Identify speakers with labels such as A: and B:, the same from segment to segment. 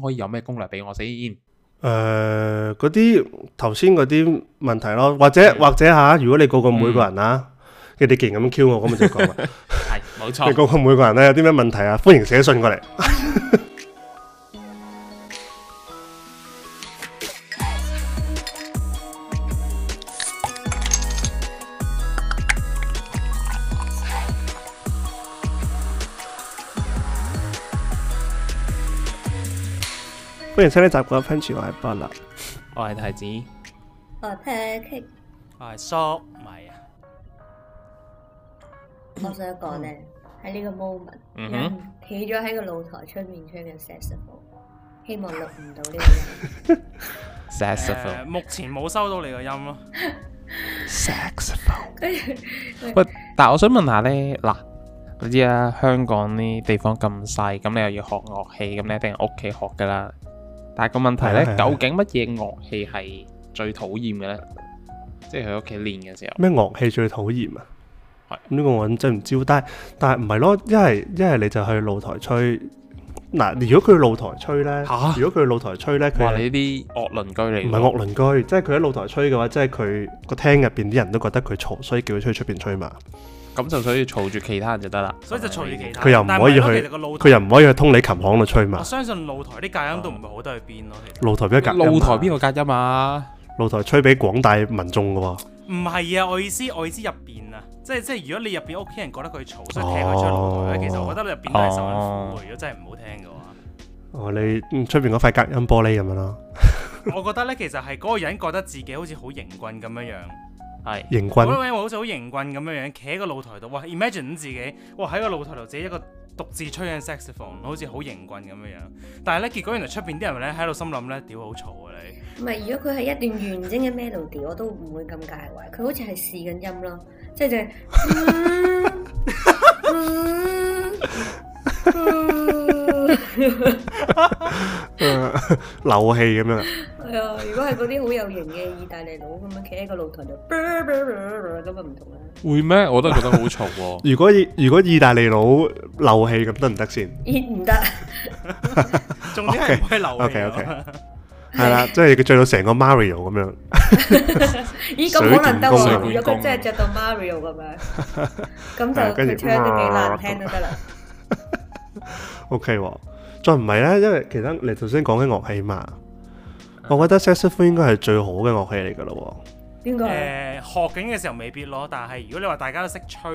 A: 可以有咩攻略俾我先？
B: 誒，嗰啲頭先嗰啲問題咯，或者或者吓，如果你個個每個人啊，你哋既然咁 Q 我，咁咪就講啦。係，冇錯。你個個每個人咧有啲咩問題啊？歡迎寫信過嚟。歡迎收睇呢集嘅 punchy，我係菠蘿啦，我係太子，我係茄 K，
A: 我係粟米啊！ 我想講咧，喺呢個
B: moment，企咗喺個露台出面唱嘅 successful
C: 希望錄唔到呢個 successful 目前冇收到你個音咯。
A: successful，喂，但係我想問，問下咧，嗱，你知啊，香港呢地方咁細，咁你又要學樂，樂器，咁你一定屋企學噶啦。但係個問題咧，的究竟乜嘢樂器係最討厭嘅咧？的即係喺屋企練嘅時候，咩
B: 樂器最討厭啊？呢的個我真唔知，但係但係唔係咯，因係一係你就去露台吹嗱。如果佢露台吹咧，吓、啊，如果佢露台吹咧，佢話、啊，是你
A: 啲惡鄰居嚟，唔係惡鄰
B: 居，即係佢喺露台吹嘅話，即係佢個廳入邊啲人都覺得佢嘈，所以叫佢出去出邊吹嘛。
A: 咁就所以嘈住其他人就得啦。
C: 所以就嘈住其他人。佢又唔可以去，佢又唔可以去通你琴行度吹嘛。我、哦、相信露台啲隔音都唔會好得去邊咯。哦、露台
B: 邊個隔音嘛？露台邊個隔音啊？露台吹俾廣大民眾嘅喎、
C: 啊。唔係啊，我意思，我意思入邊啊，即係即係如果你入邊屋企人覺得佢嘈，所以踢佢出嚟。哦、其實我覺得入邊都係受人誤會，哦、如果真係唔好聽嘅
B: 話。哦，你出邊嗰塊隔音玻璃咁樣咯？
C: 我覺得咧，其實係嗰個人覺得自己好似好型棍咁樣樣。係，好啦是，坤因為好似好型棍咁樣樣，企喺個露台度，哇，imagine 自己，哇，喺個露台度自己一個獨自吹緊 saxophone，好似好型棍咁樣樣。但係咧，結果原來出邊啲人咧喺度心諗咧，屌好嘈啊你！
B: 唔係，如果佢係一段完整嘅 melody，我都唔會咁介懷。佢好似係試緊音咯，即、就、係、是、嗯。 嗯 嗯 般，漏氣咁樣。係啊，如果係嗰啲好有型嘅意大利佬咁樣企喺個露台度，咁就唔同啦。會咩？我都係覺得好嘈、哦。 如果如果意大利佬漏氣咁，得唔得先？唔得、欸，總之係唔可以漏氣。O K O K，係啦，即係着到成個 Mario 咁樣。 咦？咁可能得啊？如果佢真係着到
C: Mario 咁樣，咁就跟住唱啲幾難聽都得啦。
B: O K，再唔係咧，因為其實你頭先講緊樂器嘛，我覺得薩克斯風應該係最好嘅樂器嚟噶咯。
C: 應該誒學緊嘅時候未必咯，但係如果你話大家都識吹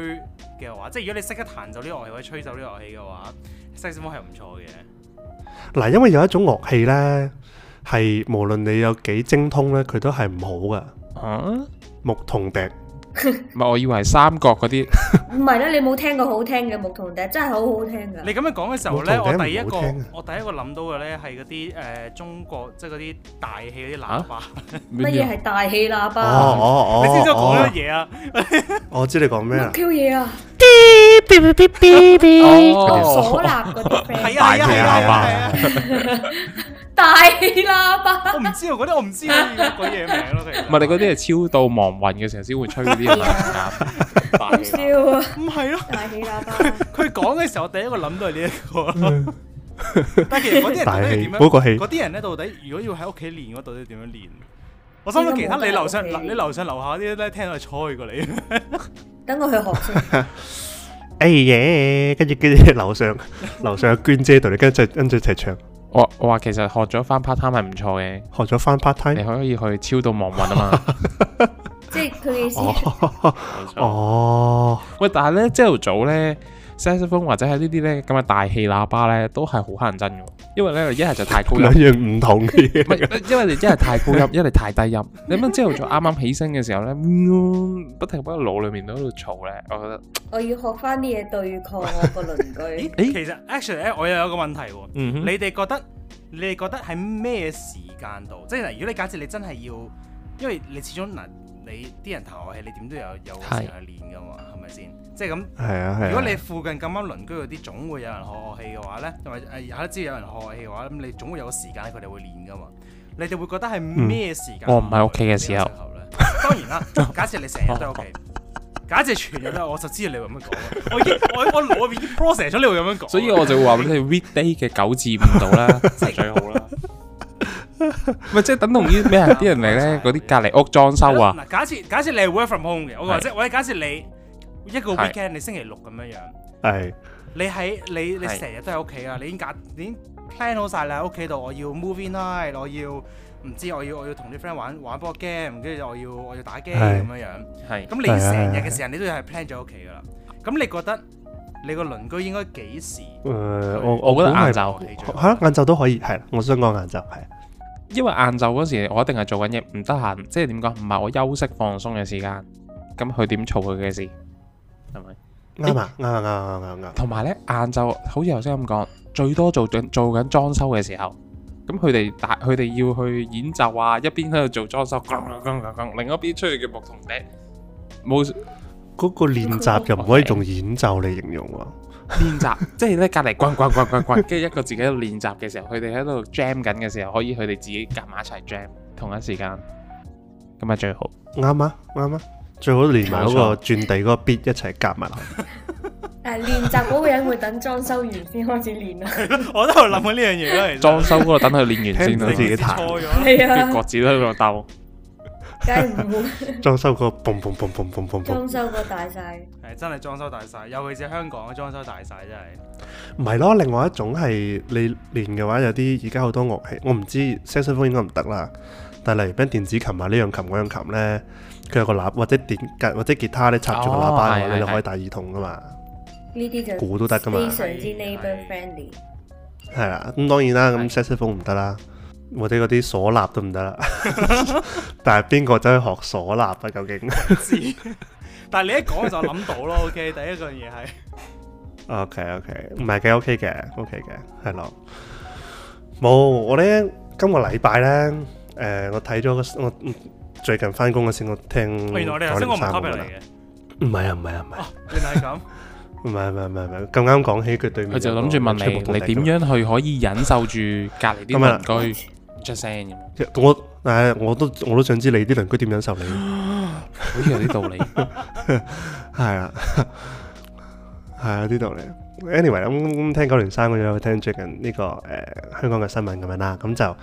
C: 嘅話，即係如果你識得彈奏呢樂器，或者吹奏呢樂器嘅話，薩克斯風係唔錯嘅。
B: 嗱，因為有一種樂器咧，係無論你有幾精通咧，佢都係唔好噶。吓，
A: 牧童笛。唔係，我以為係三國嗰啲。
C: 唔係啦，你冇聽過好聽嘅牧童笛，真係好好聽噶。你咁樣講嘅時候咧，我第一個，我第一個諗到嘅咧係嗰啲誒，中國即係嗰啲大氣嗰啲喇叭。乜嘢係大氣喇叭？你
B: 知唔知我講
C: 乜嘢啊？我知你講咩啦？Q 嘢
A: 啊！哦，嗩吶嗰啲，大氣喇叭。大喇叭我，我唔知啊，嗰啲我唔知嗰嘢名咯。唔係你嗰啲係超度亡魂嘅時候先會吹嗰啲喇叭、啊，唔係
C: 咯。大氣喇叭，佢講嘅時候，我第一個諗到係呢一個。 但係其實嗰啲人到底點嗰個氣，嗰啲人咧到底,如,喜到底如果要喺屋企練，嗰啲點樣練？我心諗其他你樓上、你樓上、樓下啲咧，聽到係吹過嚟。等我
B: 去學哎耶！跟住跟住樓上樓上阿娟姐同你跟住跟住一齊唱。我我話其實
A: 學咗返 part time 係唔錯嘅，學咗返 part time，你可以去超度亡魂啊嘛，即
B: 係
A: 佢先哦。喂， 但係呢朝頭早咧。聲效或者係呢啲咧，咁嘅大氣喇叭咧，都係好乞人憎嘅。因為咧一係就太高音，兩樣唔同嘅嘢。因為你一係太高音，一係 太低音。你咁之後再啱啱起身嘅時候咧、 嗯，不停喺個腦裏面喺度嘈咧，我覺得。
B: 我要學翻啲嘢對
C: 抗我個鄰居。 咦、欸其，其實 actually 我
A: 又有個問題，嗯、mm hmm.，你哋覺得你哋
C: 覺得喺咩時間度？即係嗱，如果你假設你真係要，因為你始終。你啲人彈樂器，你點都有有時間去練噶嘛？係咪先？即係咁。係、就是、啊係、啊啊、如果你附近咁啱鄰居嗰啲總會有人學樂器嘅話咧，同埋誒又都知道有人學樂器嘅話，咁你總會有個時間佢哋會練噶嘛？你哋會覺得係咩時間、嗯？我
A: 唔喺屋企嘅時候。
C: 當然啦，假設你成日都喺屋企，假設全日都，我就知道你會咁樣講。我已經我我
A: 腦入面已經 process 咗你會咁樣講。所以我就會話俾你聽，weekday 嘅九至五度啦，就 最好啦。 咪即係等同於咩？啲人嚟咧，嗰啲隔籬屋裝修啊。嗱，假
C: 設假設你 work from home 嘅，我話即係，我假設你一個 weekend，你星期六咁樣樣。係。你喺你你成日都喺屋企啊！你已經架已經 plan 好晒，你喺屋企度，我要 movie night，我要唔知我要我要同啲 friend 玩玩波 game，跟住我要我要打機咁樣樣。係。咁你成日嘅時間你都係 plan 咗喺屋企噶啦。咁你覺得你個鄰居應該幾時？
A: 誒，我我覺得晏晝，
B: 吓晏晝都可以，係我想講晏晝係。
A: 因為晏晝嗰時我一定係做緊嘢，唔得閒，即係點講？唔係我休息放鬆嘅時間，咁佢點嘈佢嘅事係咪？啱啊！啱啱啱啱啱。同埋咧，晏晝好似頭先咁講，最多做緊做緊裝修嘅時候，咁佢哋大佢哋要去演奏啊，一邊喺度做裝修，另一邊出去嘅牧童笛
B: 冇嗰個練習又唔可以用演奏嚟形容喎。
A: 練習即係咧，隔籬滾滾滾滾滾，跟住一個自己喺度練習嘅時候，佢哋喺度 jam 緊嘅時候，可以佢哋自己夾埋一齊 jam 同一時間，咁啊最好，
B: 啱啊啱啊，最好連埋嗰個轉地嗰個 beat 一齊夾埋。誒，練習嗰個
A: 人
C: 會等裝修完先開始練啊！我都喺度諗緊呢樣嘢
A: 咯，裝修嗰度等佢練完先，自己彈，係啊，各自喺度鬥。
C: 梗持人 裝修個
B: 嘣嘣嘣嘣嘣嘣！裝修個大
C: 晒，係 真係裝修大晒，尤其是香港嘅裝修大晒，真係。
B: 唔係咯，另外一種係你練嘅話有，有啲而家好多樂器，我唔知 saxophone 應該唔得啦。但例如咩電子琴啊，呢、這個、樣琴嗰樣琴呢，佢有個喇叭，哦、或者電吉，或者吉他、哦、係係係係你插住個喇叭嘅話，你就可以戴耳筒噶嘛。呢啲
C: 就鼓都得噶嘛，非常之 neighbor friendly 係
B: 係。係啦是，咁嗎、啊、當然啦，咁 saxophone 唔得啦。我啲嗰啲嗩吶都唔得啦，但係邊個走去學嗩吶啊？究竟？
C: 但係你一講就諗到咯，O K，第一樣嘢係。
B: O K O K，唔係幾 O K 嘅，O K 嘅，係咯。冇，我咧今個禮拜咧，誒，我睇咗個，我最近翻工嗰時我聽。
A: 原來你係收個咖啡嚟
B: 嘅。唔係啊，唔係啊，唔係。原
C: 來係咁。
B: 唔係唔係唔
A: 係唔係，咁啱講起佢對面，佢就諗住問你，你點樣去可以忍受住隔籬啲鄰居？
B: 出聲嘅，我誒我都我都想知你啲鄰居點樣受理，好似有啲道理，係啊，係啊，啲道理。anyway，咁聽九連三，咁又聽最近呢個誒香港嘅新聞咁樣啦，咁就。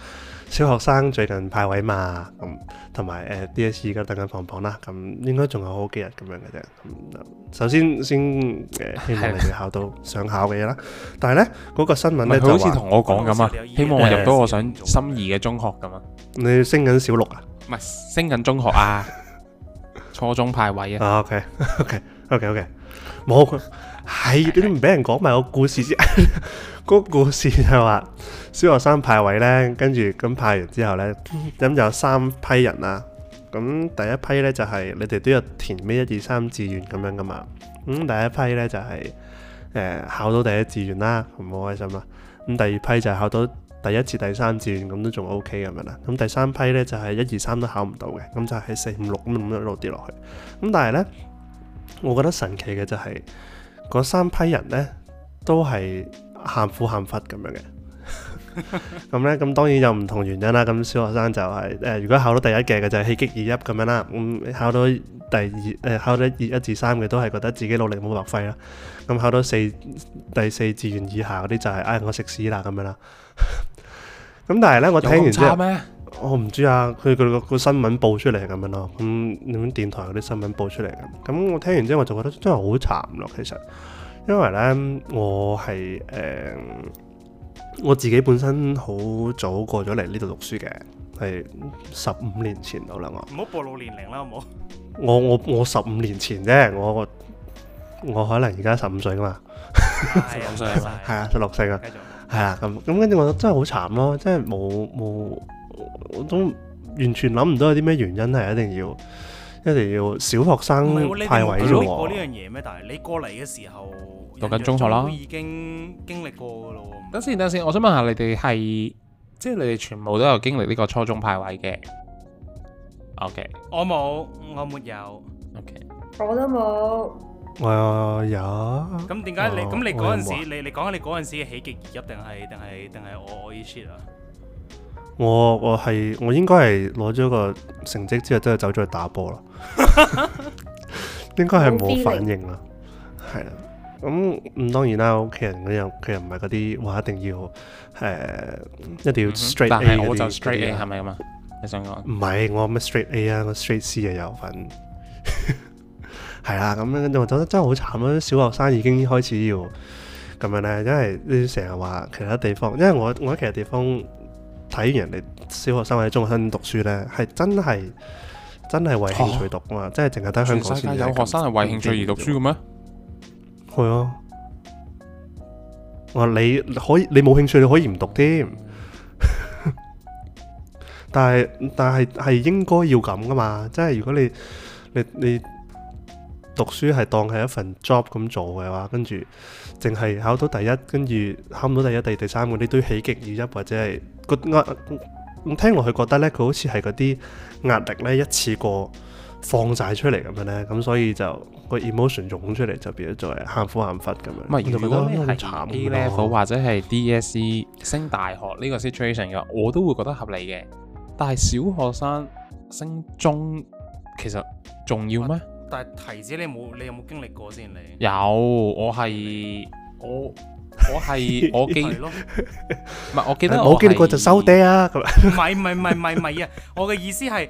B: 小學生最近派位嘛，咁同埋誒 D S E 而家等緊放榜啦，咁應該仲有好幾日咁樣嘅啫。首先先希望你哋考到想考嘅嘢啦。但係咧嗰個新聞咧就你好似同我講咁啊，希望我入到我想
A: 心儀嘅中學咁啊。你升緊小六啊？唔係升緊中學啊？初中派位啊？啊 OK OK OK OK 冇，係你
B: 都唔俾人講埋個故事先？個故事就話小學生派位呢，跟住咁派完之後呢，咁 就有三批人啦。咁第一批呢，就係、是、你哋都要填咩一二三志願咁樣噶嘛。咁第一批呢，就係、是、誒、呃、考到第一志願啦，唔好開心啦。咁第二批就係考到第一次第、第三志願咁都仲 OK 咁樣啦。咁第三批呢，就係一二三都考唔到嘅，咁就係四五六咁一路跌落去。咁但係呢，我覺得神奇嘅就係、是、嗰三批人呢，都係。喊苦喊忽咁樣嘅，咁咧，咁當然有唔同原因啦。咁小學生就係、是、誒、呃，如果考到第一嘅就係氣極而泣咁樣啦。咁、嗯、考到第二誒、呃，考到二一至三嘅都係覺得自己努力冇白費啦。咁、嗯、考到四第四志願以下嗰啲就係、是、唉、哎，我食屎啦咁樣啦。咁、 嗯、但係咧，我聽完之
A: 後，
B: 我唔知啊，佢佢個新聞報出嚟咁樣咯。咁、嗯、點電台嗰啲新聞報出嚟咁，咁、嗯、我聽完之後我就覺得真係好慘咯，其實。因為咧，我係誒、嗯，我自己本身好早過咗嚟呢度讀書嘅，係十五年前到啦。我唔
C: 好暴露年齡啦，好唔好？
B: 我我我十五年前啫，我我可能而家十五歲噶嘛，係啊，十六歲啊，係啊，咁咁、繼續，跟住我真係好慘咯，即係冇冇，我都完全諗唔到有啲咩原因係一定要
A: 一定要小學生派位啫、啊、你經歷過呢
C: 樣嘢咩？但係你過嚟嘅時候。
A: 讀緊中學咯，已
C: 經經歷過噶咯。
A: 等先，等先，我想問下你哋係，即係你哋全部都有經歷呢個初中派位嘅。OK，
C: 我冇，我沒有。OK，我都冇。
A: 我有。咁點解
C: 你咁？你嗰陣時，你你講緊你嗰陣時嘅喜極而泣，定係定係定係我我呢？shit 啊！
B: 我我係我應該係攞咗個成績之後，都係走咗去打波啦。應該係冇反應啦，係啊。咁唔、嗯、當然啦，屋企人佢又佢又唔係嗰啲話一定要誒、呃、一定要 straight A，但係我就 straight A 係
A: 咪咁啊？你想講？唔係
B: 我咩 straight A 啊？我 straight C 又有份，係啦。咁樣跟住我覺得真係好慘啊！啲、 啊嗯、小學生已經開始要咁樣咧，因為啲成日話其他地方，因為我我喺其他地方睇人哋小學生或者中學生讀書咧，係真係真係為興趣讀啊嘛！哦、即係淨係得香港先有學生係為興趣而讀書嘅咩？係啊，我你可以你冇興趣你可以唔讀添， 但係但係係應該要咁噶嘛，即係如果你你你讀書係當係一份 job 咁做嘅話，跟住淨係考到第一，跟住考唔到第，第一、第二、第三嗰啲都喜極而泣，或者係個、啊啊、聽落去覺得呢，佢好似係嗰啲壓力呢一次過放晒出嚟，咁樣呢。咁所以就。個 emotion 湧出嚟就變咗作為喊苦喊忽咁樣。唔係，如果咩係 A level 或
A: 者係 DSE 升大學呢個 situation 嘅，我都會覺得合理嘅。但係小學生升中，其實重要咩、
C: 啊？但係提子，你冇你有冇經歷過先？你
A: 有，有，你有，我係你
C: 我我係 我記唔咪？ 我記得冇經歷過就收
B: 爹
A: 啊！
C: 唔係唔係唔係唔係啊！ 我嘅意思係。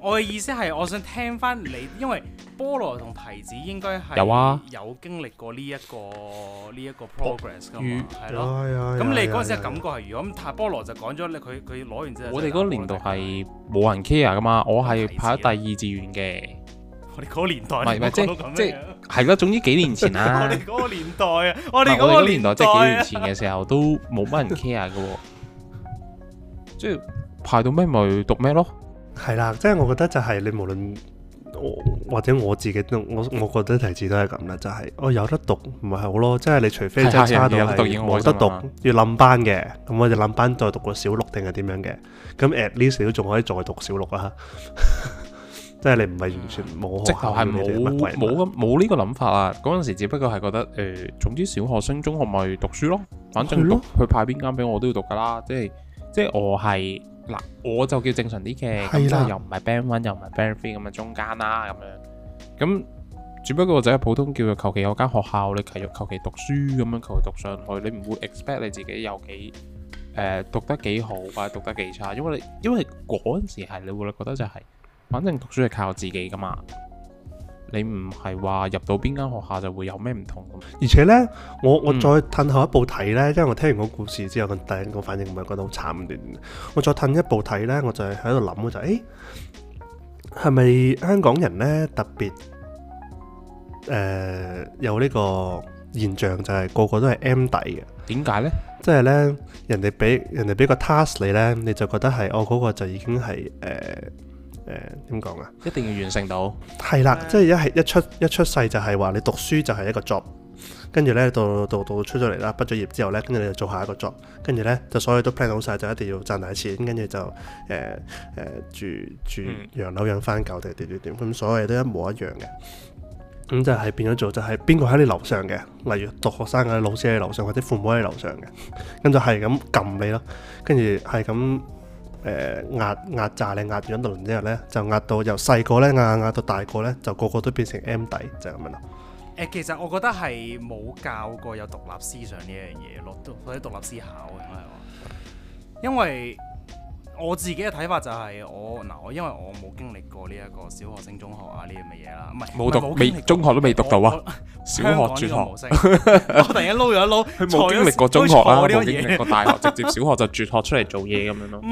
C: 我嘅意思係，我想聽翻你，因為菠蘿同提子應該係有啊，有經歷過呢一個呢一個 progress 噶，係咯。咁你嗰陣時感覺係如果咁，菠蘿就講咗咧，佢佢攞完之後，我哋嗰
A: 年代係冇人 care 噶嘛，我係排咗第二志願嘅。
C: 我哋嗰年代，唔係唔係，即係即
A: 係係總之幾年前啦。我哋
C: 嗰個年代
A: 啊，我哋個年代即係幾年前嘅時候都冇乜人 care 噶，即係排到咩咪讀咩咯。係啦，即係我覺得就係你無論
B: 或者我自己都我我覺得提詞都係咁啦，就係、是、我、哦、有得讀咪好咯，即係你除非差到係冇、啊、得讀要冧班嘅，咁我就冧班再讀個小六定係點樣嘅，咁 at least 都仲可以再讀小六啊，即係你唔係完全
A: 冇，即係係冇冇冇呢個諗法啦。嗰陣時只不過係覺得誒、呃，總之小學升中學咪讀書咯，反正讀的去派邊間俾我都要讀噶啦，即係即係我係。嗱，我就叫正常啲嘅的，又唔係 band one，又唔係 band three，咁嘅中間啦、啊，咁樣，咁只不過就係普通，叫做求其有間學校，你求其讀書咁樣，求其讀上去，你唔會 expect 你自己有幾誒、呃、讀得幾好或者讀得幾差，因為你因為嗰陣時係你會覺得就係、是，反正讀書係靠自己噶嘛。你唔係話入到邊間學校就會有咩唔同咁，
B: 而且呢，我我再褪後一步睇呢，因為我聽完個故事之後，第一個反應唔係覺得好慘啲。我再褪一步睇呢，我就係喺度諗，我就誒係咪香港人呢？特別誒、呃、有呢個現象，就係、是、個個都係 M 底嘅？點解呢？即係呢，人哋俾人哋俾個 task 你呢，你就覺得係我嗰個就已經係誒。呃誒點講啊？呃、一定要完成到係啦，即係一係一出一出世就係話你讀書就係一個 job，跟住咧到到到，到出咗嚟啦，畢咗業之後咧，跟住你就做下一個 job，跟住咧就所有都 plan 好晒，就一定要賺大錢，跟、呃呃、住就誒誒住住洋樓養翻狗嘅點點點，咁、呃、所有嘢都一模一樣嘅，咁就係變咗做就係邊個喺你樓上嘅，例如讀學生嘅老師喺你樓上，或者父母喺你樓上嘅，咁就係咁撳你咯，跟住係咁。誒壓壓榨你壓住咗，然、呃、之後咧就壓到由細個咧壓壓壓到大個咧，就個個都變成 M 底，就係、是、咁樣咯。
C: 誒、呃，其實我覺得係冇教過有獨立思想呢樣嘢咯，都或者獨立思考嘅， 因為。我自己嘅睇法就係我嗱，我因為我冇經歷過呢一個小學升中學啊呢啲咁嘅嘢啦，唔係冇讀未，中學都未讀到啊，小學輟學，我突然間撈咗一撈，佢冇經歷過中學啊，冇經歷過大學，直接小學
A: 就輟學出嚟做嘢咁樣咯，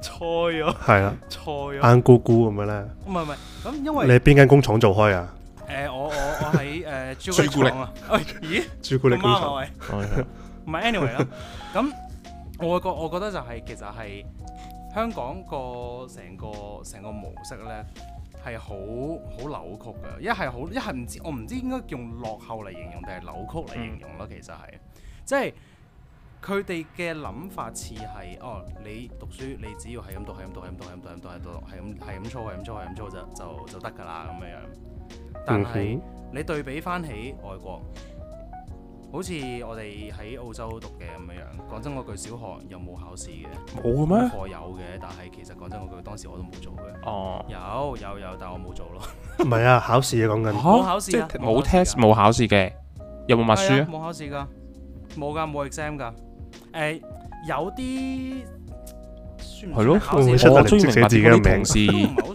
A: 錯咗，係啊，錯
B: 咗，眼咕咕咁樣咧，
C: 唔係唔係，咁因為你喺邊間工廠做開啊？誒我我我喺誒朱古力啊，咦，朱古力工廠，唔係 anyway 啊，咁。外國我覺得就係、是、其實係香港個成個成個模式咧係好好扭曲嘅，一係好一係唔知我唔知應該用落後嚟形容定係扭曲嚟形容咯，嗯、其實係即係佢哋嘅諗法似係哦，你讀書你只要係咁讀係咁讀係咁讀係咁讀係咁讀係咁係咁係咁操係咁操係咁操就就就得㗎啦咁樣樣，但係、嗯、是你對比翻起外國。好似我哋喺澳洲讀嘅咁樣樣，講真嗰句，小學又冇考試嘅，冇嘅咩？課有嘅，但係其實講真嗰句，當時我都冇做嘅。哦，有有有，但我冇做咯。
A: 唔係啊，考試啊，講緊冇考試啊，即係冇 test 冇考試嘅，有冇默書啊？
C: 冇考試噶，冇噶，冇 exam 噶。誒，有啲
A: 係咯，我我唔識寫自己嘅名字，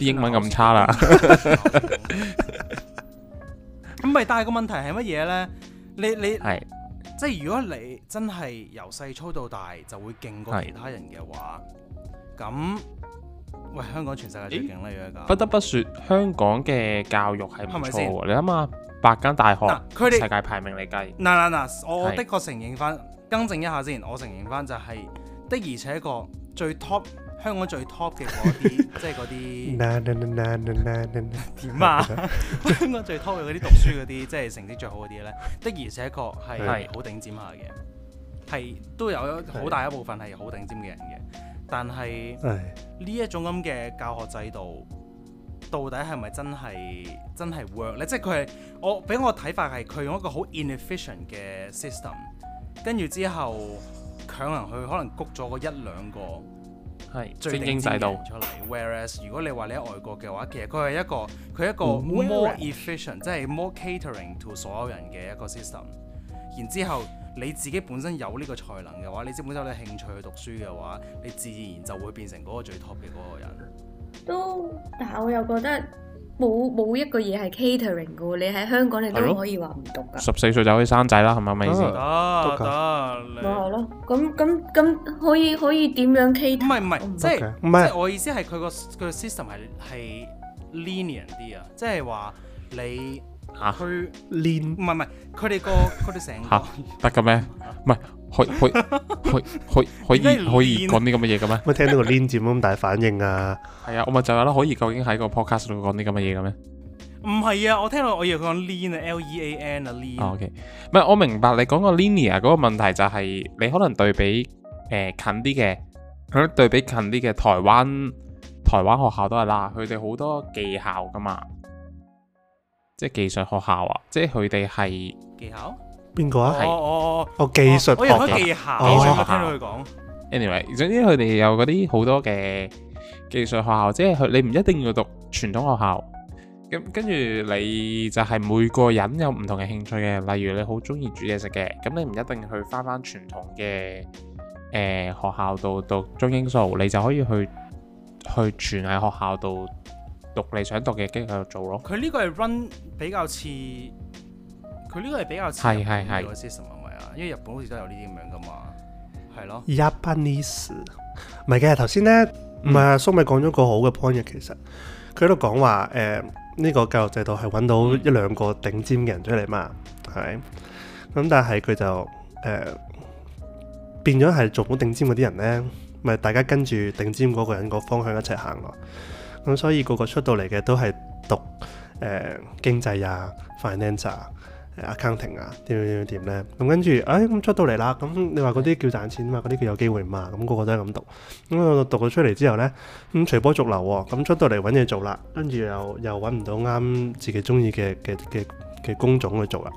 A: 啲英文咁差啦。
C: 咁咪但係個問題係乜嘢咧？你你是即係如果你真係由細操到大就會勁過其他人嘅話，咁是喂香港全世界最勁啦。欸，不得
A: 不說香港嘅教育係唔錯，吧你諗下八間大學，佢哋學世界排名嚟計。嗱嗱嗱，我的
C: 確承認翻，是更正一下先，我承認翻就係、是、的而且確最 top。香港最 top 嘅嗰啲， 即係嗰啲
B: 點啊？ 呢 香
C: 港最 top 嘅嗰啲讀書嗰啲，即係成績最好嗰啲咧，的而且確係係好頂尖下嘅，係的的都有好大一部分係好頂尖嘅人嘅。但係呢一種咁嘅教學制度，到底係咪真係真係 work 咧？即係佢係我俾我睇法係佢用一個好 inefficient 嘅 system，跟住之後，強行去可能谷咗個一兩個。係是最頂尖出嚟。Whereas 如果你話你喺外國嘅話，其實佢係一個佢一個 more efficient，Where? 即係 more catering to 所有人嘅一個 system。然之後你自己本身有呢個才能嘅話，你即係本身有呢興趣去讀書嘅話，你自然就會變成嗰個最 top 嘅嗰個人。
B: 都，但係我又覺得冇冇一個嘢係 catering 嘅喎。你喺香港你都可以話唔讀
A: 噶。十四歲就可以生仔啦，係咪？咩意
C: 思？咁咁咁可以可以點樣 keep？唔係唔係，即係唔係我意思係佢個佢個 system 係係 linear 啲啊，即係話你去練唔係唔係，佢哋個佢哋成
A: 吓得嘅咩？唔係可可可可可以可以講啲咁嘅嘢嘅咩？乜聽到個 link 咁 大反應啊？係啊、嗯，我咪就係啦，可以究竟喺個 podcast 度講啲咁嘅嘢嘅咩？
C: 唔係啊，我聽到我以為佢講 lean 啊，L E A N 啊，lean。OK
A: 唔係，我明白你講個 linear 嗰個問題就係，是，你可能對比誒、呃、近啲嘅，可能對比近啲嘅台灣台灣學校都係啦，佢哋好多技校㗎嘛，即係技術學校啊，即係佢哋係技校邊個啊？哦哦哦，技術學校。我，oh. 聽到佢講。anyway，總之佢哋有嗰啲好多嘅技術學校，即係佢你唔一定要讀傳統學校。咁跟住你就係每個人有唔同嘅興趣嘅，例如你好中意煮嘢食嘅，咁你唔一定去翻翻傳統嘅誒學校度讀中英數，你就可以去去全喺學校度讀你想讀嘅機構做咯。佢
C: 呢個係 run，比較似，佢呢個係比較
A: 似係係係 system 啊，唔係啊，
C: 因為日本好似都有呢啲咁樣噶嘛，係咯。
B: Japanese 唔係嘅。頭先咧，唔係啊，蘇美講咗個好嘅 point 嘅，其實佢喺度講話誒。呢個教育制度係揾到一兩個頂尖嘅人出嚟嘛，係咪？咁但係佢就誒、呃、變咗係做唔頂尖嗰啲人呢，咪、就是、大家跟住頂尖嗰個人個方向一齊行咯。咁所以個個出到嚟嘅都係讀誒、呃、經濟啊、finance 啊。Accounting 啊，點樣點樣點咧，咁跟住，哎咁、嗯、出到嚟啦。咁、嗯、你話嗰啲叫賺錢嘛，嗰啲叫有機會嘛。咁、嗯、個個都係咁讀咁，我、嗯、讀咗出嚟之後咧，咁、嗯、隨波逐流喎、哦。咁、嗯、出到嚟揾嘢做啦，跟住又又揾唔到啱自己中意嘅嘅嘅嘅工種去做啦。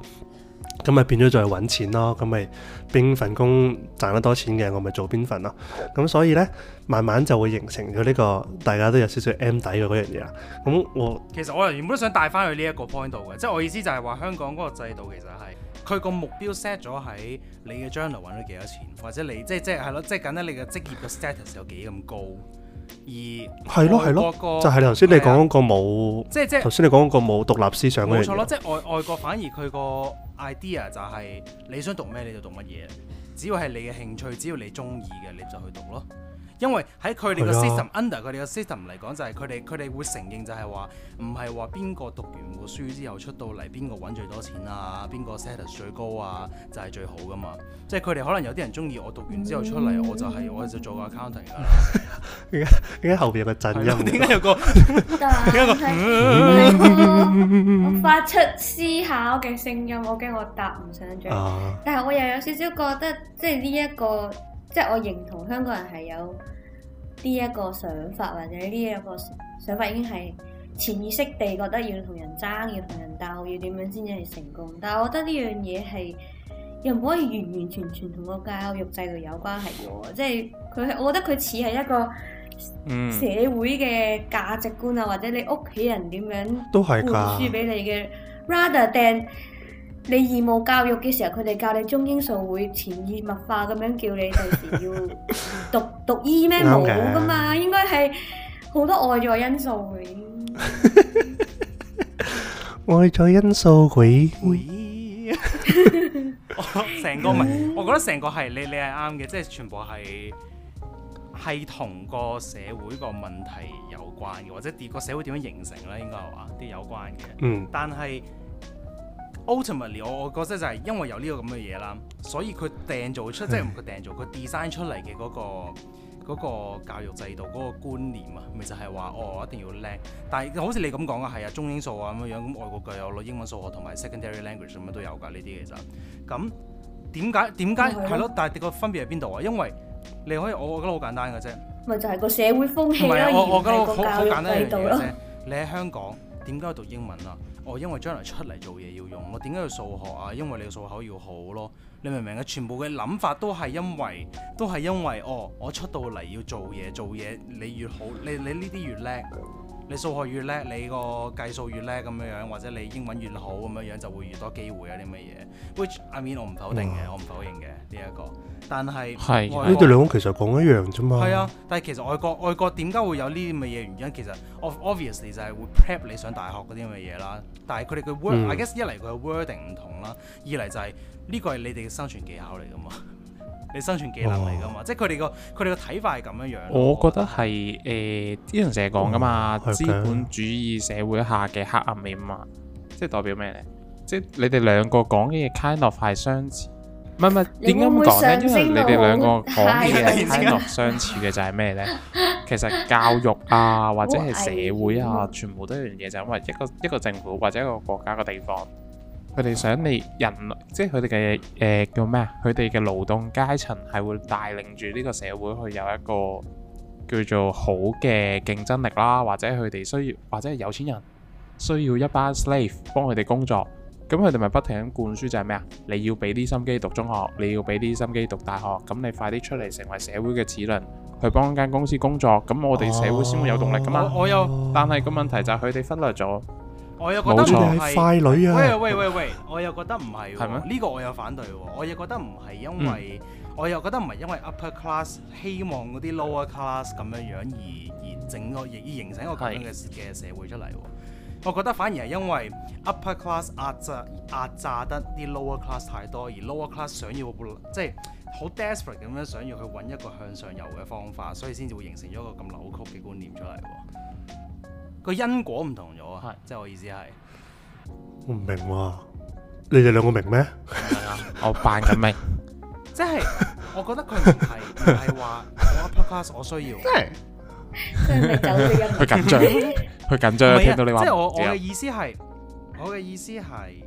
B: 咁咪變咗就係揾錢咯，咁咪邊份工賺得多錢嘅，我咪做邊份咯。咁所以呢，慢慢就會形成咗呢個大家都有少少 M 底嘅嗰樣嘢啦。咁我
C: 其實我原本都想帶翻去呢一個 point 度嘅，即係我意思就係話香港嗰個制度其實係佢個目標 set 咗喺你嘅將來揾咗幾多錢，或者你即係即係係咯，即係簡單你嘅職業嘅 status 有幾咁高。而係咯係咯，就係頭先你講
B: 嗰個冇，即係即係頭先你講嗰個冇獨立思想嘅人。冇錯
C: 咯，即係外外國反而佢個 idea 就係你想讀咩你就讀乜嘢，只要係你嘅興趣，只要你中意嘅你就去讀咯。因為喺佢哋個 system under 佢哋個 system 嚟講就，就係佢哋佢哋會承認就係話，唔係話邊個讀完個書之後出到嚟，邊個揾最多錢啊，邊個 salary 最高啊，就係、是、最好㗎嘛。即係佢哋可能有啲人中意我讀完之後出嚟，我就係、是、我就做個 accountant 啦。點解點解後邊個震音？點解有個點解個,個、嗯嗯哎？
B: 我發出思考嘅聲音，我驚我答唔上嘴，
A: 但係我又有少少覺得,覺得即係呢一個。即係我認同香港人係有呢一個想法，或者呢一個想法已經係潛意識地覺得要同人爭，要同人鬥，要點樣先至係成功。但係我覺得呢樣嘢係
C: 又唔可以完完全全同個教育制度有關係嘅喎。即係佢，我覺得佢似係一個社
B: 會嘅價值觀啊，嗯、或者你屋企人點樣都係灌輸俾
A: 你嘅，rather than。你義務教育嘅時候，佢哋教你中英數會潛移默化咁樣叫你第
B: 時
A: 要讀讀醫
B: 咩冇㗎嘛？
A: 應該係好多外在因素嘅。
B: 外在因素，佢會
C: 成個唔係，我覺得成個係你你係啱嘅，即係全部係係同個社會個問題有關嘅，或者啲個社會點樣形成咧，應該係話啲有關嘅。嗯，但係。Ultimately，我我覺得就係因為有呢個咁嘅嘢啦，所以佢訂造出即係佢訂造，佢 design 出嚟嘅嗰個教育制度嗰個觀念啊，咪就係話哦我一定要叻。但係好似你咁講啊，係啊，中英數啊咁樣，咁外國嘅有攞英文數學同埋 secondary language 咁樣都有㗎呢啲其實。咁點解點解係咯？但係個分別喺邊度啊？因為你可以我，我覺得好簡單嘅啫。咪
B: 就係個社會風氣唔係我我覺得好好很簡單一樣嘢啫
C: 你喺香港點解要讀英文啊？我、哦、因為將來出嚟做嘢要用，我點解要數學啊？因為你嘅數口要好咯，你明唔明啊？全部嘅諗法都係因為，都係因為哦，我出到嚟要做嘢，做嘢你越好，你你呢啲越叻。你數學越叻，你個計數越叻咁樣樣，或者你英文越好咁樣樣，就會越多機會啊啲乜嘢。Which I mean，我唔否定嘅，嗯、我唔否認嘅呢一個。但係，係呢對兩種
B: 其實講一樣啫嘛。係啊，
C: 但係其實外國外國點解會有呢啲咁嘅嘢？原因其實 obviously 就係會 prep 你上大學嗰啲咁嘅嘢啦。但係佢哋嘅 word，I guess 一嚟佢嘅 wording 唔同啦，二嚟就係呢個係你哋嘅生存技巧嚟㗎嘛。你生存技能嚟噶嘛？Oh. 即係佢哋個佢哋個睇法係咁樣樣。我
A: 覺得係誒啲人成日講噶嘛，oh, 資本主義社會下嘅黑暗面啊嘛，即係代表咩咧？即係你哋兩個講嘅嘢，kind of 係相似，唔係唔係點解咁講咧？會會呢，因為你哋兩個講嘅嘢，kind of 相似嘅就係咩咧？現 其實教育啊，或者係社會啊，oh, I 全部都一樣嘢，就、嗯、因為一個一個政府或者一個國家嘅地方。佢哋想你人，即係佢哋嘅誒叫咩啊？佢哋嘅勞動階層係會帶領住呢個社會去有一個叫做好嘅競爭力啦，或者佢哋需要，或者係有錢人需要一班 slave 幫佢哋工作，咁佢哋咪不停咁灌輸就係咩啊？你要俾啲心機讀中學，你要俾啲心機讀大學，咁你快啲出嚟成為社會嘅齒輪，去幫間公司工作，咁我哋社會先會有動力噶嘛？我有，但係個問題就係佢哋忽略咗。我又覺得唔係，係快女啊，喂喂喂喂，
C: 係咩？我又覺得唔係，呢個我有反對喎。我又覺得唔係因為，我又覺得唔係因為 upper class 希望嗰啲 lower class 咁樣樣而而整個而形成一個咁樣嘅嘅社會出嚟喎。係。我覺得反而係因為 upper class 壓榨壓榨得啲 lower class 太多，而 lower class 想要即係好 desperate 咁樣想要去揾一個向上遊嘅方法，所以先至會形成咗一個咁扭曲嘅觀念出嚟喎。個因果唔同咗啊！是即係我意思係，
B: 我唔明喎、啊，你哋兩個明咩？我
A: 扮緊明，
C: 即係我覺得佢唔係，係話我，我需要，即係， 即係舊佢緊張，佢緊張，聽到你話、啊，即係我，我嘅意思係，我嘅意思係，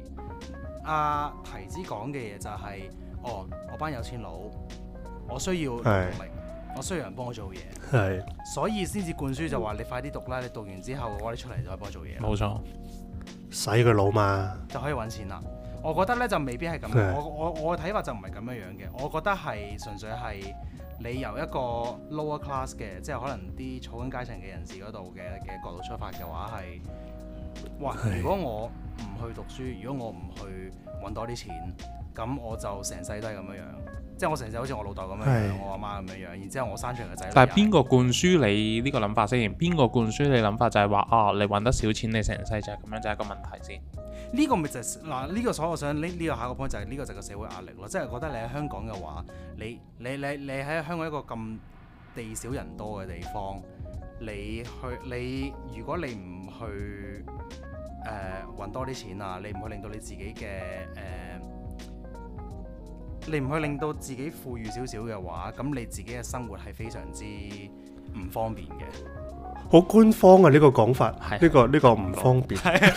C: 阿、啊、提子講嘅嘢就係、是，哦，我班有錢佬，我需要。我需要人幫我做嘢，係的，所以先至灌輸的就話你快啲讀啦，你讀完之後我哋出嚟就可以幫我做嘢。冇錯，使佢老嘛，就可以揾錢啦。我覺得呢就未必係咁的，我我我嘅睇法就唔係咁樣樣嘅。我覺得係純粹係你由一個 lower class 嘅，即係可能啲草根階層嘅人士嗰度嘅嘅角度出發嘅話係，哇！的如果我唔去讀書，如果我唔去揾多啲錢，咁我就成世都係咁樣樣。即係我成日好似我老豆咁樣樣，唉我阿媽咁樣樣，然之後我生出嚟嘅仔。但係邊
A: 個灌輸你呢個諗法先？邊個灌輸你諗法就係話啊，你揾得少錢，你成世就係咁樣，就係一個問題先。
C: 呢個咪就係、是、嗱，呢、呢個所我想呢呢、呢個下一個 point 就係、是、呢、呢個就係個社會壓力咯。即係覺得你喺香港嘅話，你你你你喺香港一個咁地少人多嘅地方，你去你如果你唔去誒揾、呃、多啲錢啊，你唔去令到你自己嘅誒。呃你唔去令到自己富裕少少嘅話，咁你自己嘅生活係非常之唔方便嘅。
B: 好官方啊！呢個講法，呢個呢個唔方便。係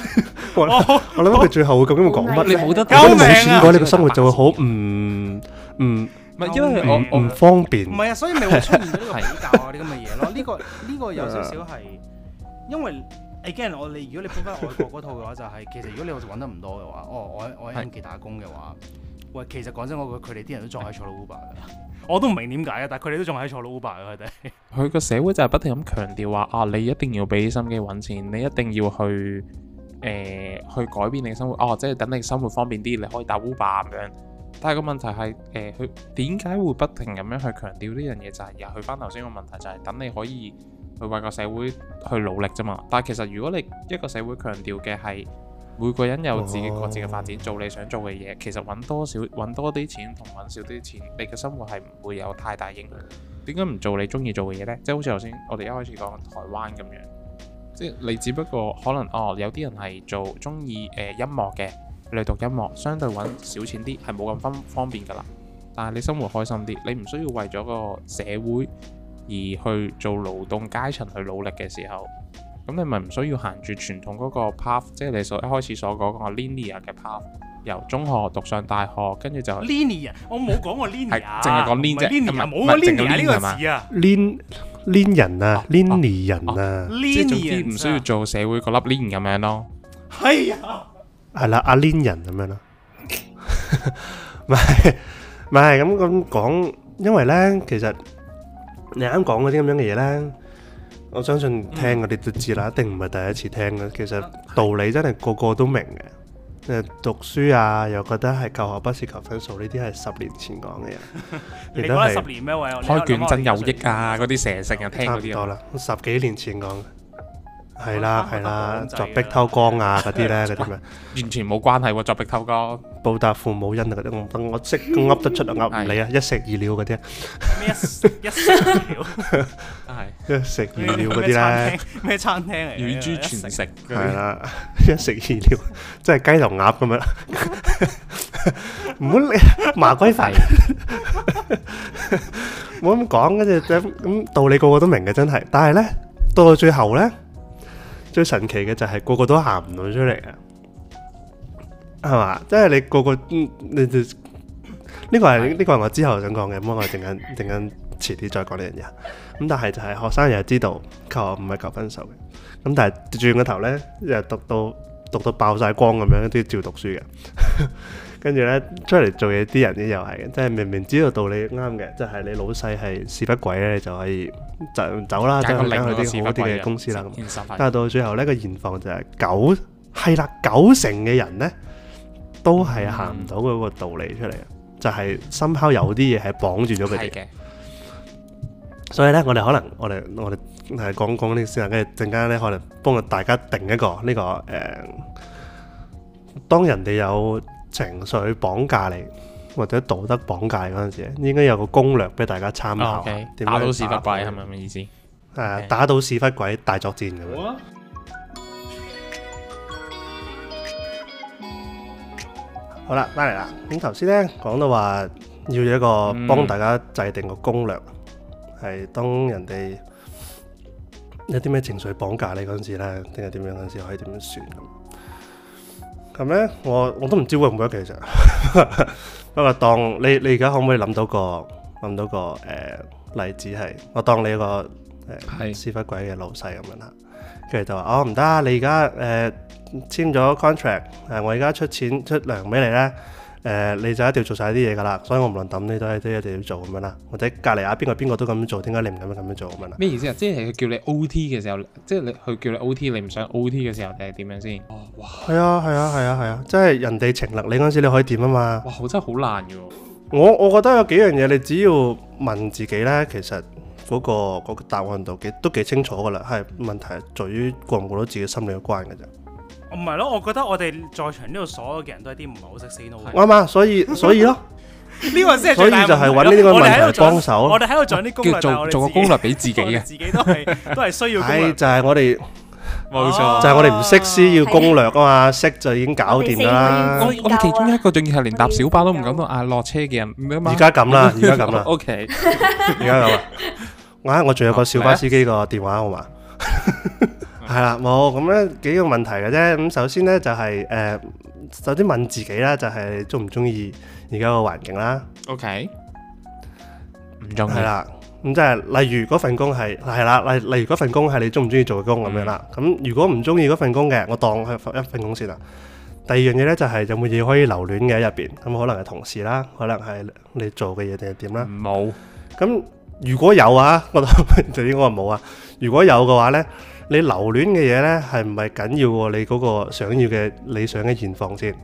C: 我我諗佢最後究竟會咁樣講乜？你冇得救命啊！你個生活
B: 就會好唔唔唔係因為唔唔方便。唔係啊，所以咪會出現呢個比較啊啲咁嘅嘢咯。呢個呢個有少少
C: 係因為 again，我你如果你搬翻外國嗰套嘅話，就係其實如果你我揾得唔多嘅話，哦，我我喺 M 記打工嘅話。喂，其實講真我，我覺佢哋啲人都仲喺坐老 Uber 嘅， 我都唔明點解嘅，但係佢哋都仲喺坐老 Uber 嘅佢哋。
A: 佢個社會就係不停咁強調話，啊你一定要俾心機揾錢，你一定要去誒、呃、去改變你嘅生活，哦即係等你生活方便啲，你可以打 Uber 咁樣。但係個問題係誒，佢點解會不停咁樣去強調呢樣嘢？就係入去翻頭先個問題，就係等你可以去為個社會去努力啫嘛。但係其實如果你一個社會強調嘅係，每個人有自己各自嘅發展，做你想做嘅嘢，其實揾多少揾多啲錢同揾少啲錢，你嘅生活係唔會有太大影響。點解唔做你中意做嘅嘢呢？即係好似頭先我哋一開始講台灣咁樣，即係你只不過可能哦，有啲人係做中意誒音樂嘅，你讀音樂相對揾少錢啲，係冇咁方方便㗎喇。但係你生活開心啲，你唔需要為咗個社會而去做勞動階層去努力嘅時候。咁你咪唔需要行住傳統嗰個 path，即係你所一開始所講嘅 linear 嘅 path，由中學讀上大學，跟住就
C: linear。我冇講過 linear 啊，係淨係講 linear，唔係冇個 linear
A: 係嘛？linear 人啊，linear 人啊，linear 唔需要做社會個 linear 咁樣咯。係啊，係啦，阿 linear 咁樣咯。唔係，
B: 唔係咁咁講，因為咧，其實你啱講嗰啲咁樣嘅嘢咧。我相信聽我哋啲字啦，一定唔係第一次聽嘅。其實道理真係個個都明嘅。誒，讀書啊，又覺得係求學不是求分數，呢啲係十年前講嘅嘢。你都係十年咩？開卷真有益啊！嗰啲成日成日聽嗰啲，差唔多啦。十幾年前講。係啦，係啦，鑿壁偷光啊，嗰啲咧，嗰啲嘅，完全冇關係喎，鑿壁偷光，報答父母恩啊嗰啲，我識噏得出啊，噏唔嚟啊，一食二料嗰啲，咩一食二料，係一食二料嗰啲咧，咩餐廳嚟？乳豬全食，係啦，一食二料，即係雞同鴨咁樣，唔好理，麻鬼煩，冇咁講，跟住咁咁道理個個都明嘅，真係，但係咧到到最後咧。最神奇嘅就係個個都行唔到出嚟啊，係嘛？即係你個個，嗯、你呢、這個係呢、這個係我之後想講嘅，唔好我陣間陣間遲啲再講呢樣嘢。咁、嗯、但係就係學生又係知道求學唔係求分數嘅，咁、嗯、但係轉個頭呢，又讀到讀到爆晒光咁樣，都要照讀書嘅。 跟住咧，出嚟做嘢啲人咧，又係嘅，即係明明知道道理啱嘅，即係你老細係事不軌咧，你就可以就走啦，走去啲好啲嘅公司啦。
C: 但係到
B: 最後呢，個現況就係九係啦，九成嘅人咧都係行唔到嗰個道理出嚟，嗯、就係身後有啲嘢係綁住咗佢哋。的所以咧，我哋可能我哋我哋係講講呢個先，跟住陣間咧，可能幫大家定一個呢、呢個誒、嗯，當人哋有。情緒綁架你，或者道德綁架你嗰陣時，應該有個攻略俾大家參考。點樣？打到屎忽
A: 鬼係咪咁嘅意思？誒、啊，Okay. 打
B: 到屎忽鬼大作戰咁。
A: 好
B: 啦、啊，翻嚟啦。咁頭先咧講到話要有一個幫大家制定個攻略，係、嗯、當人哋有啲咩情緒綁架你嗰陣時咧，定係點樣嗰陣時可以點樣算咁。係咩？我我都唔知會唔會其實。 不過當你，你而家可唔可以諗到個諗到個誒、呃、例子係？我當你個誒、呃、屎忽鬼嘅老細咁樣啦，跟住就話哦，唔得，你而家誒簽、呃、咗 contract，誒我而家出錢出糧俾你啦。誒、呃，你就一定要做晒啲嘢噶啦，所以我無論抌你都係都一定要做咁樣啦。或者隔籬阿邊個邊個都咁樣做，點解你唔咁樣咁樣做咁樣啦？
A: 咩意思啊？即係佢叫你 O T 嘅時候，即係你佢叫你 O T，你唔想 O T 嘅時候定係點樣先？哦，
B: 哇，係 啊，係啊，係啊，係啊，啊，啊，啊，啊，啊，即係人哋情立你嗰陣時，你可以點啊嘛？
A: 哇，真係好難嘅。
B: 我我覺得有幾樣嘢，你只要問自己咧，其實嗰、嗰個、嗰個答案度幾都幾清楚噶啦。係問題在於過唔過到自己心理嘅關嘅啫。
C: 唔係咯，我覺得我哋在場呢度所有嘅人都係啲唔係好識 C know 嘅。啱啊，所以所以咯，呢個先係最
A: 大，就係搵呢個問題幫手。我哋喺度做啲攻略，做個攻略俾自己
B: 嘅。
C: 自己都係都係需要。係就係我哋冇錯，就係
B: 我哋唔識先要攻
A: 略啊嘛，識就已經搞掂啦。我我其中一個仲要係連搭小巴都唔敢到啊落車嘅人。而家咁啦，而家咁啦。OK，而家咁啊，我我仲有個小巴司
B: 機個電話好嘛？係啦，冇咁咧幾個問題嘅啫。咁首先咧就係誒，首先問自己啦，就係你中唔中意而家個環境啦。
A: O K，唔中係啦。
B: 咁即係例如嗰份工係係啦，例例如嗰份工係你中唔中意做嘅工咁樣啦。咁如果唔中意嗰份工嘅，我當佢一份工先啦。第二樣嘢咧就係有冇嘢可以留戀嘅喺入邊。咁可能係同事啦，可能係你做嘅嘢定係點啦。冇咁如果有啊，我就就應該話冇啊。如果有嘅話咧，你留戀嘅嘢呢，係唔係緊要過你嗰個想要嘅理想嘅現況先？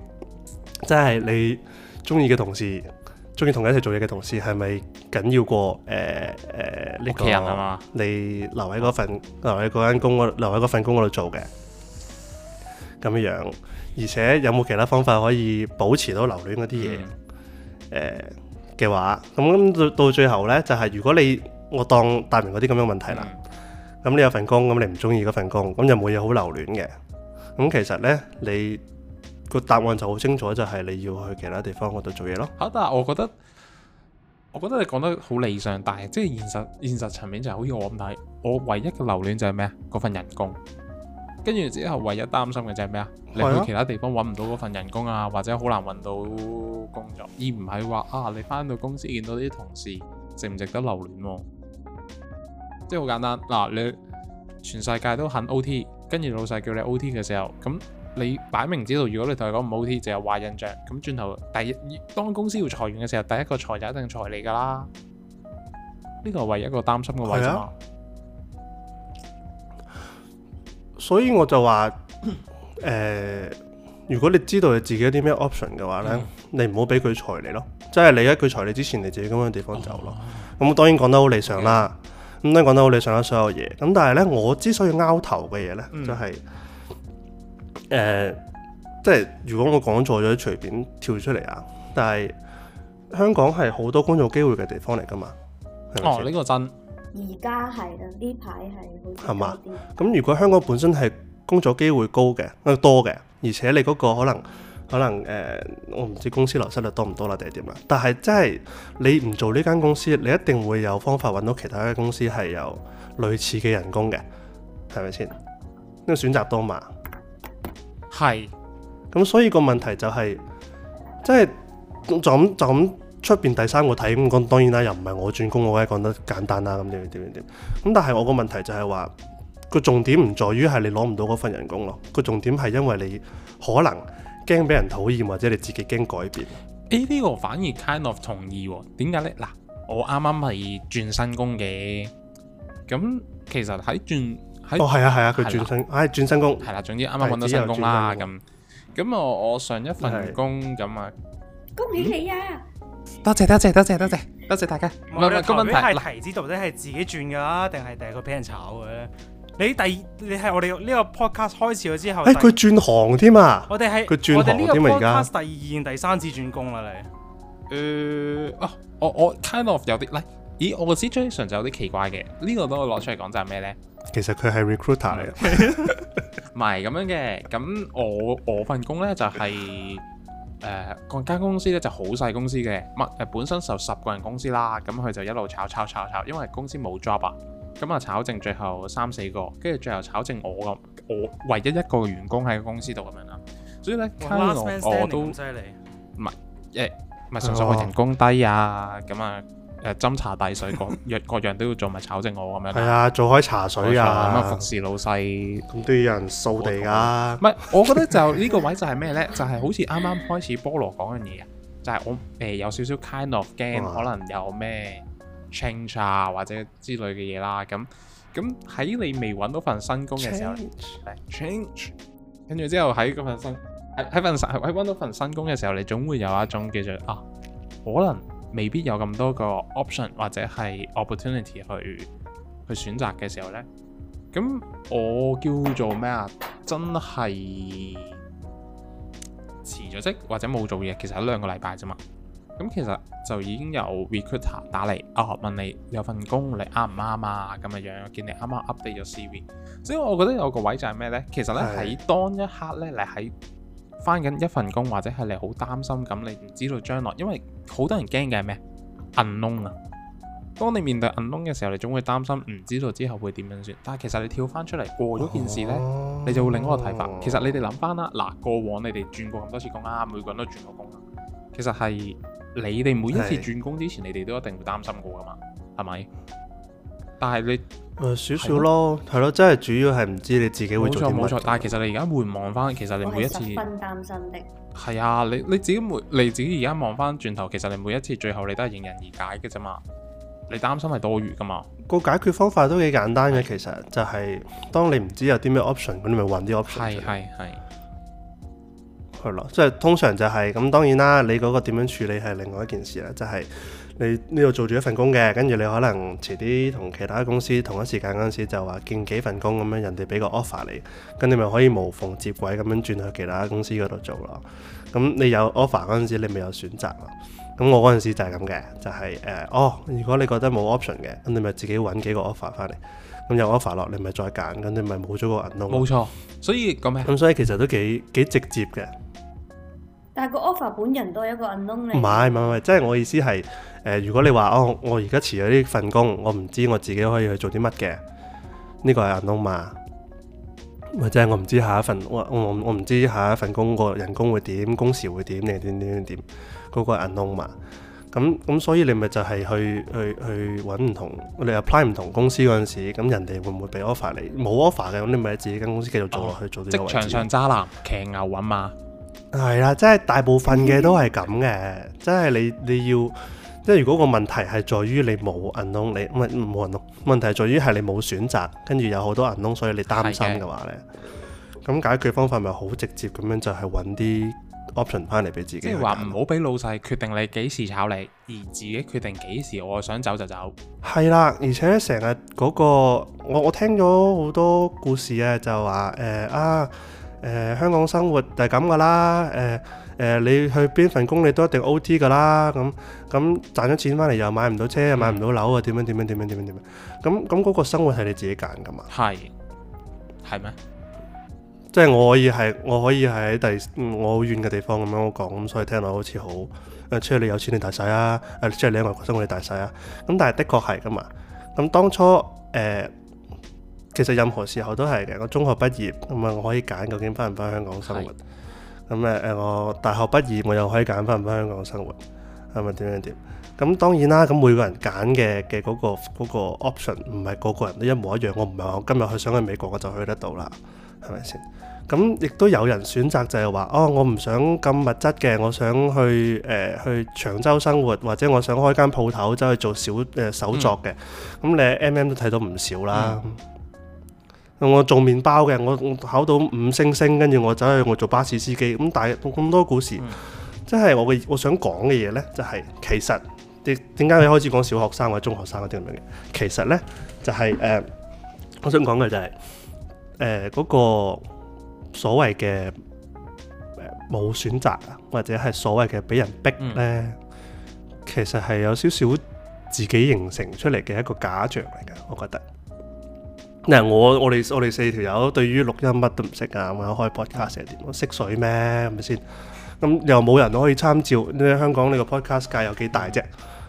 B: 即係你中意嘅同事，中意同佢一齊做嘢嘅同事，係咪緊要過誒誒呢個人？你留喺嗰份 okay, right? 留喺嗰間工，留喺份工度做嘅咁樣，而且有冇其他方法可以保持到留戀嗰啲嘢？嘅、mm hmm. 呃、話，咁到到最後呢，就係、是、如果你我當大明嗰啲咁樣問題啦。Mm hmm. 咁你有份工，咁你唔中意嗰份工，咁就冇嘢好留戀嘅。咁其實呢，
A: 你個答案就好清楚，就係你要去其他地方嗰度做嘢咯。嚇！但係我覺得，我覺得你講得好理想，但係即係現實現實層面就係好似我咁睇，我唯一嘅留戀就係咩啊？嗰份人工。跟住之後，唯一擔心嘅就係咩啊？你去其他地方揾唔到嗰份人工啊，或者好難揾到工作。而唔係話啊，你返到公司見到啲同事值唔值得留戀喎？即係好簡單，嗱，你全世界都肯 O T，跟住老細叫你 O T 嘅時候，咁你擺明知道，如果你同佢講唔 O T，就有壞印象。咁轉頭第二，當公司要裁員嘅時候，第一個裁就一定裁你噶啦。呢個係唯一個擔心嘅位置，啊。所以我就話，誒、
B: 呃，如果你知道你自己有啲咩 option 嘅話呢，嗯、你唔好俾佢裁你咯。即係你喺佢裁你之前，你自己揀個地方走咯。咁、哦啊、當然講得好理想啦。咁都講得好理想啦，所有嘢。咁但係咧，我之所以拗頭嘅嘢咧，就係誒，即係如果我講錯咗，隨便跳出嚟啊！但係香港係好多工作機會嘅地方嚟噶嘛？是是哦，呢
A: 個真。而家係，
C: 呢排係好多啲係嘛？咁如
B: 果香港本身係工作機會高嘅、呃，多嘅，而且你嗰個可能。可能誒，呃，我唔知公司流失率多唔多啦，定係點呀。但係真係你唔做呢間公司，你一定會有方法揾到其他間公司係有類似嘅人工嘅，係咪先？因為選擇多嘛，係咁是、嗯，所以個問題就係，是，即係就咁就咁出邊第三個睇咁講。當然啦，又唔係我轉工，我梗係講得，得簡單啦，咁點點點點咁。但係我個問題就係話個重點唔在於係你攞唔到嗰份人工咯，個重點係因為你
A: 可能。驚俾人討厭，或者你自己驚改變？誒，呢個反而 kind of 同意。點解咧？嗱，我啱啱係轉新工嘅，咁其實喺轉喺哦係啊係啊，佢轉新哎轉新工係啦，總之啱啱搵到新工啦咁。咁我我上一份工咁啊，恭喜你啊！多謝多謝多謝多謝多謝大家。唔係個問題，係提
C: 子到底係自己轉噶定係第二個俾人炒嘅咧？你第你係我哋呢個 podcast 開始咗之後，欸，佢轉行
B: 添啊！我哋係佢轉行添啊！而家
A: 第二第三次轉工啦，你誒哦，我我 kind of 有啲，嚟，咦，我個 situation 就有啲奇怪嘅。呢、這個都我攞出嚟講就係咩咧？
B: 其實佢係 recruiter 嚟，
A: 唔係咁樣嘅。咁我我份工咧就係、是、誒，間、呃、公司咧就好細公司嘅，物誒本身就十個人公司啦，咁佢就一路炒炒炒炒炒，因為公司冇 job 啊。咁啊、嗯，炒剩最後三四個，跟住最後炒剩我咁，我唯一一個員工喺公司度咁樣啦。所以咧 kind of 我都唔犀利，唔係，誒，唔係純粹去人工低啊。咁、哦、啊，誒斟茶遞水 各各樣都要做埋炒正我咁樣。係啊，
B: 做開茶水啊，咁啊服
A: 侍老細，咁都要有人掃地㗎。唔係、嗯，我覺得就呢 個位就係咩咧？就係、是、好似啱啱開始菠蘿講嘅嘢啊，就係、是、我誒有少少 kind of game，可能有咩？change 啊或者之類嘅嘢啦，咁咁喺你未揾到份新工嘅時候，change，跟住之後喺嗰份新喺份喺揾到份新工嘅時候，你總會有一種叫做啊，可能未必有咁多個 option 或者係 opportunity 去去選擇嘅時候咧，咁我叫做咩啊？真係辭咗職或者冇做嘢，其實係兩個禮拜啫嘛。咁其實就已經有 recruiter 打嚟哦，問你，你有份工你啱唔啱啊？咁嘅樣見你啱啱 update 咗 CV，所以我覺得有個位就係咩呢？其實呢，喺係當一刻呢，你喺翻緊一份工，或者係你好擔心咁，你唔知道將來，因為好多人驚嘅係咩？銀窿啊！當你面對銀窿嘅時候，你總會擔心唔知道之後會點樣算。但係其實你跳翻出嚟過咗件事呢，你就會另一個睇法。哦、其實你哋諗翻啦，嗱、啊、過往你哋轉過咁多次工啦，每個人都轉過工啦，其實係。你哋每一次轉工之前，是你哋都一定會擔心過噶嘛，係咪？但係你，
B: 誒、嗯、吧少少咯，係咯，真係
A: 主要係唔知你自己會做啲乜。冇錯，但係其實你而家回望翻，其實你每一次分擔心的係啊，你你自己每你自己而家望翻轉頭，其實你每一次最後你都係迎刃而解嘅啫嘛，你擔心係多餘噶嘛。
B: 個解決方法都幾簡單嘅，是其實就係當你唔知有啲咩 option，咁你咪揾啲 option。的係咯，即係通常就係、是、咁，當然啦，你嗰個點樣處理係另外一件事啦。就係、是、你呢度做住一份工嘅，跟住你可能遲啲同其他公司同一時間嗰陣時就話見幾份工咁樣，人哋俾個 offer 你，咁你咪可以無縫接軌咁樣轉去其他公司嗰度做咯。咁你有 offer 嗰陣時，你咪有選擇咯。咁我嗰陣時就係咁嘅，就係、是、誒，哦，如果你覺得冇 option 嘅，咁你咪自己揾幾個 offer 翻嚟，咁有 offer 落你咪再揀，咁你咪冇咗個銀窿。冇錯，所以咁樣。咁所以其實都幾幾直接嘅。但係個 offer 本人都係一個 unknown 唔係唔係唔係，即係我意思係誒、呃，如果你話哦，我而家辭咗呢份工，我唔知我自己可以去做啲乜嘅，呢、這個係 unknown 嘛？或者我唔知下一份我我我唔知下一份工個人工會點，工時會點，定點點點點，嗰個 unknown 嘛？咁咁所以你咪就係去去去揾唔同，你 apply 唔同公司嗰陣時，咁人哋會唔會俾 offer 你？冇 offer 嘅，咁你咪喺自己間公司繼續做落去、哦、做啲咩？職場上渣男騎牛揾馬。係啦，即係大部分嘅都係咁嘅，即係你你要即係如果個問題係在於你冇銀窿，你唔係冇銀窿，問題在於係你冇選擇，跟住有好多銀窿，所以你擔心嘅話呢，咁的解決方法咪好直接
A: 咁樣就係、是、揾啲 option 翻嚟俾自己，即係話唔好俾老細決定你幾時炒你，而自己決定幾時我想走就走。
B: 係啦，而且成日嗰個我我聽咗好多故事、呃、啊，就話誒啊！誒、呃、香港生活就係咁噶啦，誒、呃、誒、呃、你去邊份工你都一定 O T 噶啦，咁、嗯、咁、嗯、賺咗錢翻嚟又買唔到車，又買唔到樓啊，點樣點樣點樣點樣點樣，咁咁嗰個生活係你自己揀噶嘛？係係咩？即係我可以係我可以喺第我好遠嘅地方咁樣講，咁所以聽落好似好，出、呃、去你有錢你大曬啊，誒、呃，即係你喺外國生活你大曬啊，咁、嗯、但係的確係噶嘛，咁、嗯、當初誒。呃其實任何時候都係嘅。我中學畢業咁啊，我可以揀究竟返唔返香港生活咁誒誒。我大學畢業我又可以揀返唔返香港生活，係咪點樣點？咁當然啦。咁每個人揀嘅嘅嗰個 option 唔係個個人都一模一樣。我唔係話我今日去想去美國，我就去得到啦，係咪先？咁亦都有人選擇就係話哦，我唔想咁物質嘅，我想去誒、呃、去長洲生活，或者我想開間鋪頭走去做小誒、呃、手作嘅。咁、嗯、你 M、MM、M 都睇到唔少啦。嗯我做麵包嘅，我考到五星星，跟住我走去我做巴士司機。咁但係咁多故事，即係、嗯、我嘅我想講嘅嘢呢，就係其實點點解佢開始講小學生或者中學生嗰啲咁樣嘅？其實呢，就係、是、誒、呃，我想講嘅就係誒嗰個所謂嘅冇、呃、選擇，或者係所謂嘅俾人逼呢，嗯、其實係有少少自己形成出嚟嘅一個假象嚟嘅，我覺得。嗱，我我哋我哋四條友對於錄音乜都唔識是是啊，我開 podcast 點識水咩？係咪先？咁又冇人可以參照。你香港呢個 podcast 界有幾大啫、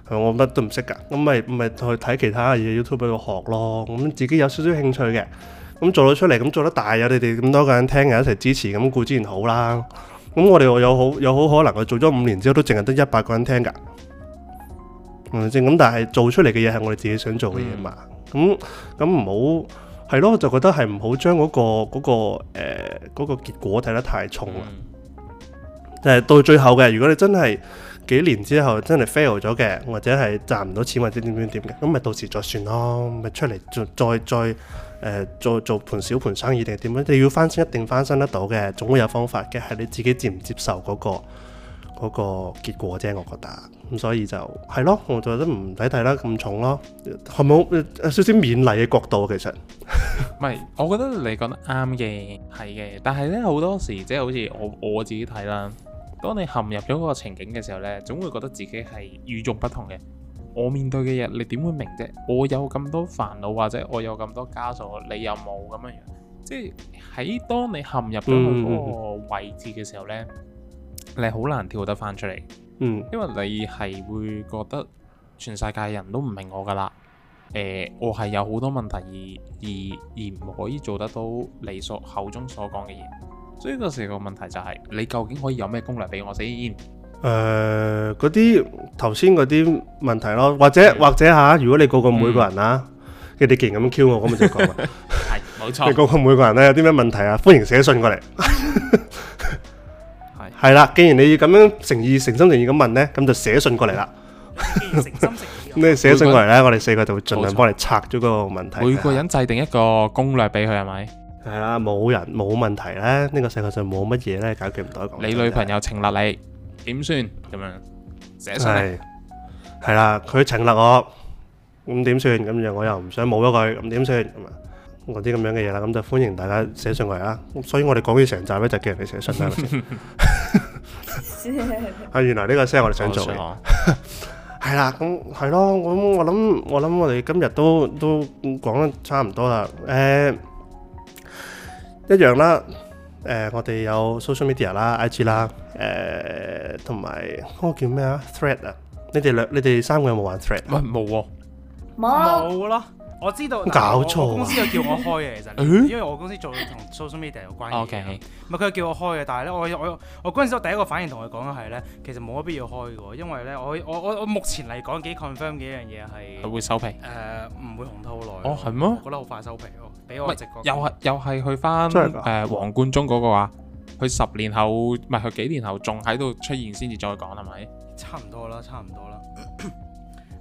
B: 啊？我乜都唔識噶？咁咪咪去睇其他嘢 YouTube 度學咯。咁、啊啊、自己有少少興趣嘅，咁、啊、做到出嚟，咁做得大有你哋咁多個人聽又一齊支持，咁固然好啦。咁我哋我有好有好可能，佢做咗五年之後都淨係得一百個人聽㗎，係咪先？咁、啊、但係做出嚟嘅嘢係我哋自己想做嘅嘢嘛。咁咁唔好。係咯，我就覺得係唔好將嗰、嗰個嗰、嗰個誒、呃嗰個結果睇得太重啦。就係到最後嘅，如果你真係幾年之後真係 fail 咗嘅，或者係賺唔到錢或者點點點嘅，咁咪到時再算咯，咪出嚟再再、呃、做，做盤小盤生意定點樣？你要翻身一定翻身得到嘅，總會有方法嘅，係你自己接唔接受嗰、嗰個。嗰個結果啫，我覺得咁，所以就係咯，我就覺得唔使睇啦，咁重咯，係冇少少勉勵嘅角度，其
A: 實唔係，我覺得你講得啱嘅，係嘅，但係咧好多時即係好似我我自己睇啦，當你陷入咗嗰個情景嘅時候咧，總會覺得自己係與眾不同嘅。我面對嘅嘢，你點會明啫？我有咁多煩惱或者我有咁多枷鎖，你有冇咁樣樣？即係喺當你陷入咗嗰個位置嘅時候咧。嗯你好難跳得翻出嚟，嗯，因為你係會覺得全世界人都唔明我噶啦，誒、呃，我係有好多問題而而而唔可以做得到你所口中所講嘅嘢，所以嗰時個問題就係、是、你究竟可以有咩功能俾我先？誒、
B: 呃，嗰啲頭先嗰啲問題咯，或者、嗯、或者吓，如果你個個每個人啦、啊，佢哋竟然咁 Q 我樣，咁咪就咁啦，係冇錯。 你個個每個人咧、啊，有啲咩問題啊？歡迎寫信過嚟。 係啦，既然你要咁樣誠意、誠心誠意咁問咧，咁就寫信過嚟啦。誠心誠意，你寫信過嚟咧，我哋四個就會盡量幫你拆咗個問題。每個人制
A: 定一個攻略俾佢，係咪？
B: 係啦，冇人冇問題咧，呢個世界上冇乜嘢咧解決唔到。你女朋友情立你，
A: 點算？咁樣寫信。係，
B: 係啦，佢情立我，咁點算？咁就我又唔想冇咗佢，咁點算？咁啊啲咁樣嘅嘢啦，咁就歡迎大家寫信過嚟啦。所以我哋講完成集咧，就叫人哋寫信啦。係原來呢個聲我哋想做，係啦，咁係咯，咁我諗我諗我哋今日都都講得差唔多啦，誒，一樣啦，誒，我哋有 social media 啦，IG 啦，誒，同埋嗰個叫咩啊，Thread 啊，你哋兩你哋三個有冇玩 Thread？喂冇喎，
C: 冇咯。我知道搞錯，公司又叫我開嘅其實，因為我公司做同 social media 有關係，唔係佢又叫我開嘅，但係咧我我我嗰陣時我第一個反應同佢講嘅係咧，其實冇乜必要開嘅喎，因為咧我我我我目前嚟講幾 confirm 嘅一樣嘢係，佢會收皮，誒唔會紅得好耐，哦係咩？覺得好快收皮喎，俾我直覺。又係
A: 又係去翻誒黃冠中嗰個話，佢十年後唔係佢幾年後仲喺度出現先至再講係咪？
C: 差唔多啦，差唔多啦。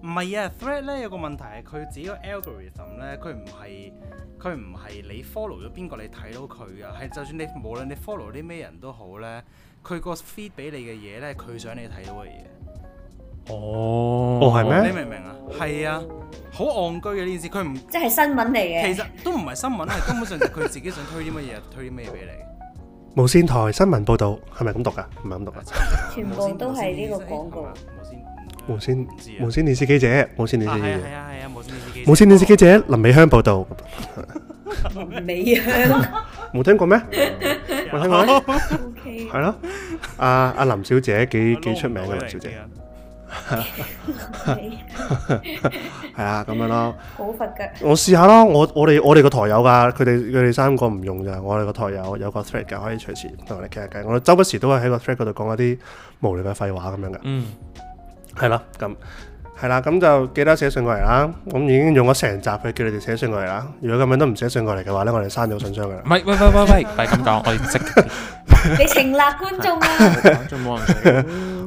C: 唔係啊，thread 咧有個問題係佢自己個 algorithm 咧，佢唔係佢唔係你 follow 咗邊個你睇到佢啊。係就算你無論你 follow 啲咩人都好咧，佢個 feed 俾你嘅嘢咧，佢想你睇到嘅嘢。哦，
A: 哦，係咩？你明唔明、哦、啊？係
C: 啊，好戇居嘅呢件事，佢唔
A: 即係新聞嚟嘅，其
C: 實都唔係新聞，係根本上就佢自己想推啲乜嘢， 推啲咩嘢俾你。
B: 無線台新聞報導係咪咁讀噶？唔係咁讀噶，全
C: 部都係呢個廣告。
B: 無線、啊、無線電視記者，無線電視記者，啊、無線電視記者林美香報道。 林美
C: 香冇聽過咩？冇、嗯嗯、聽過，係咯
B: Okay. 阿阿林小姐幾幾出名嘅林小姐。係啊，咁樣咯。好佛腳的。我試下咯，我我哋我哋個台有噶，佢哋佢哋三個唔用嘅，我哋個台有有個 thread 嘅，可以隨時同我哋傾下偈。我,我周不時都會喺個 thread 嗰度講一啲無聊嘅廢話咁樣嘅。嗯。係啦，咁係啦，咁就記得寫信過嚟啦。咁已經用咗成集去叫你哋寫信過嚟啦。如果咁樣都唔寫信過嚟嘅話咧，我哋刪咗信箱㗎啦。唔係
A: 喂喂喂喂，唔係點講？我哋積 你
C: 成立觀眾啊，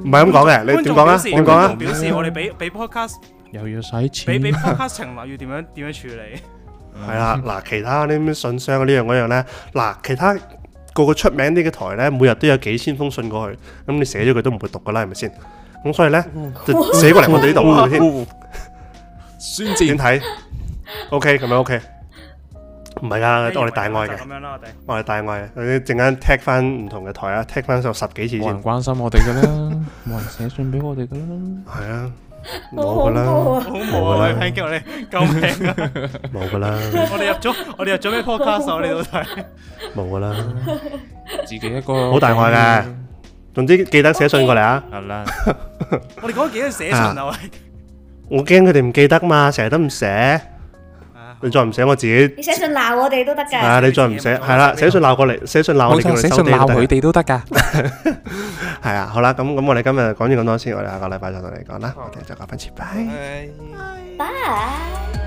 B: 唔係咁講嘅。你、啊、觀眾表示，觀眾、啊、表示我，我哋
C: 俾俾 podcast
B: 又要使錢，俾俾 podcast
C: 成立要點樣點樣處理？
B: 係 啦，嗱，其他啲信箱呢樣嗰樣咧？嗱，其他個個出名啲嘅台咧，每日都有幾千封信過去，咁你寫咗佢都唔會讀㗎啦，係咪先？咁所以咧，就寫過嚟我哋呢度先至點睇？OK，咁樣 OK，唔係啊，我哋大愛嘅。咁樣啦，我哋。我哋大愛，你陣間踢翻唔同嘅台啊，踢翻咗十幾次先。冇人關心我哋噶啦，
A: 冇人寫信俾我哋噶啦。係啊，
B: 冇噶啦，好冇啊！俾抨擊我哋，救命啊！冇噶啦。我哋入咗，我哋入咗咩 Podcast？你都睇？冇噶啦，自己一個。好大愛嘅。總之記得寫信過嚟啊！係啦，我哋講咗幾多寫信啊喂！我驚佢哋唔記得嘛，成日都唔寫，你再唔寫我自己。你寫信鬧我哋都得噶。啊，你再唔寫係啦，寫信鬧過嚟，寫信鬧我哋嘅收。寫信鬧佢哋都得噶。係啊，好啦，咁咁我哋今日講咗咁多先，我哋下個禮拜再同你講啦。我哋再講翻次，拜拜。